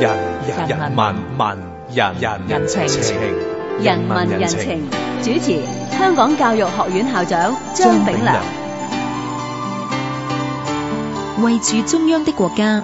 人人文文人人情情人文人情，主持香港教育學院校長張炳良。位處中央的國家，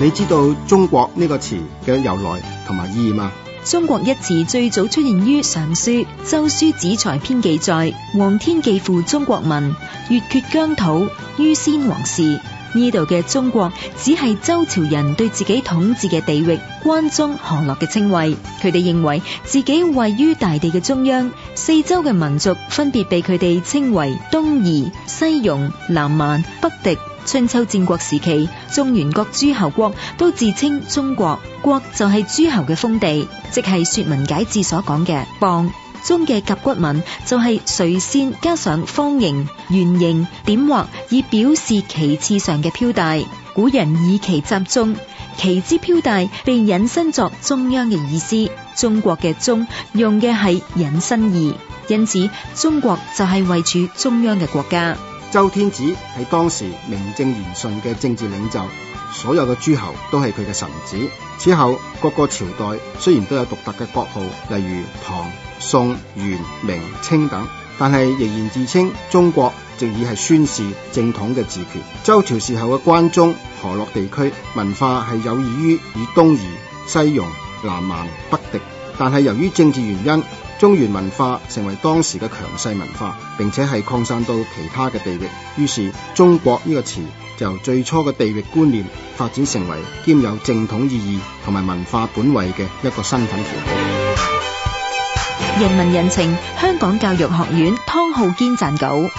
你知道中國呢個詞嘅由來同埋意義嗎？中國一詞最早出現於上《尚書周書梓材篇》，記載：皇天既付中國民，越厥疆土于先王事。呢度嘅中國只係周朝人對自己統治嘅地域「關中、河洛」嘅稱謂。佢哋認為自己位於大地嘅中央，四周嘅民族分別被佢哋稱為東夷、西戎、南蠻、北狄。春秋戰國時期，中原各諸侯國都自稱中國，國就係諸侯嘅封地，即係說文解字所講嘅傍。中嘅甲骨文就係垂線加上方形、圓形、點畫，以表示旗幟上嘅飄帶。古人以旗集中，旗之飄帶被引申作中央嘅意思，中國嘅中用嘅係引申義，因此中國就係位處中央嘅國家。周天子係當時名正言順嘅政治領袖，所有嘅諸侯都係佢嘅臣子。此後各個朝代雖然都有獨特嘅國號，例如唐、宋、元、明、清等，但係仍然自稱中國，直以係宣示正統嘅自權。周朝時候嘅關中、河洛地區文化係有意於以東夷、西戎、南蠻、北狄。但係由於政治原因，中原文化成為當時嘅強勢文化，並且係擴散到其他嘅地域。於是，中國呢個詞就由最初嘅地域觀念發展成為兼有正統意義同埋文化本位嘅一個身份符號。人民人情，香港教育學院湯浩堅撰稿。